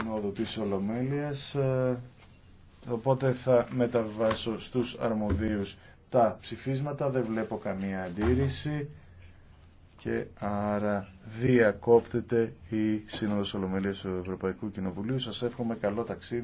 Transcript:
Συνόδο της Ολομέλειας, ε, οπότε θα μεταβάσω στους αρμοδίους τα ψηφίσματα, δεν βλέπω καμία αντίρρηση και άρα διακόπτεται η Σύνοδος Ολομέλειας του Ευρωπαϊκού Κοινοβουλίου. Σας εύχομαι καλό ταξίδι.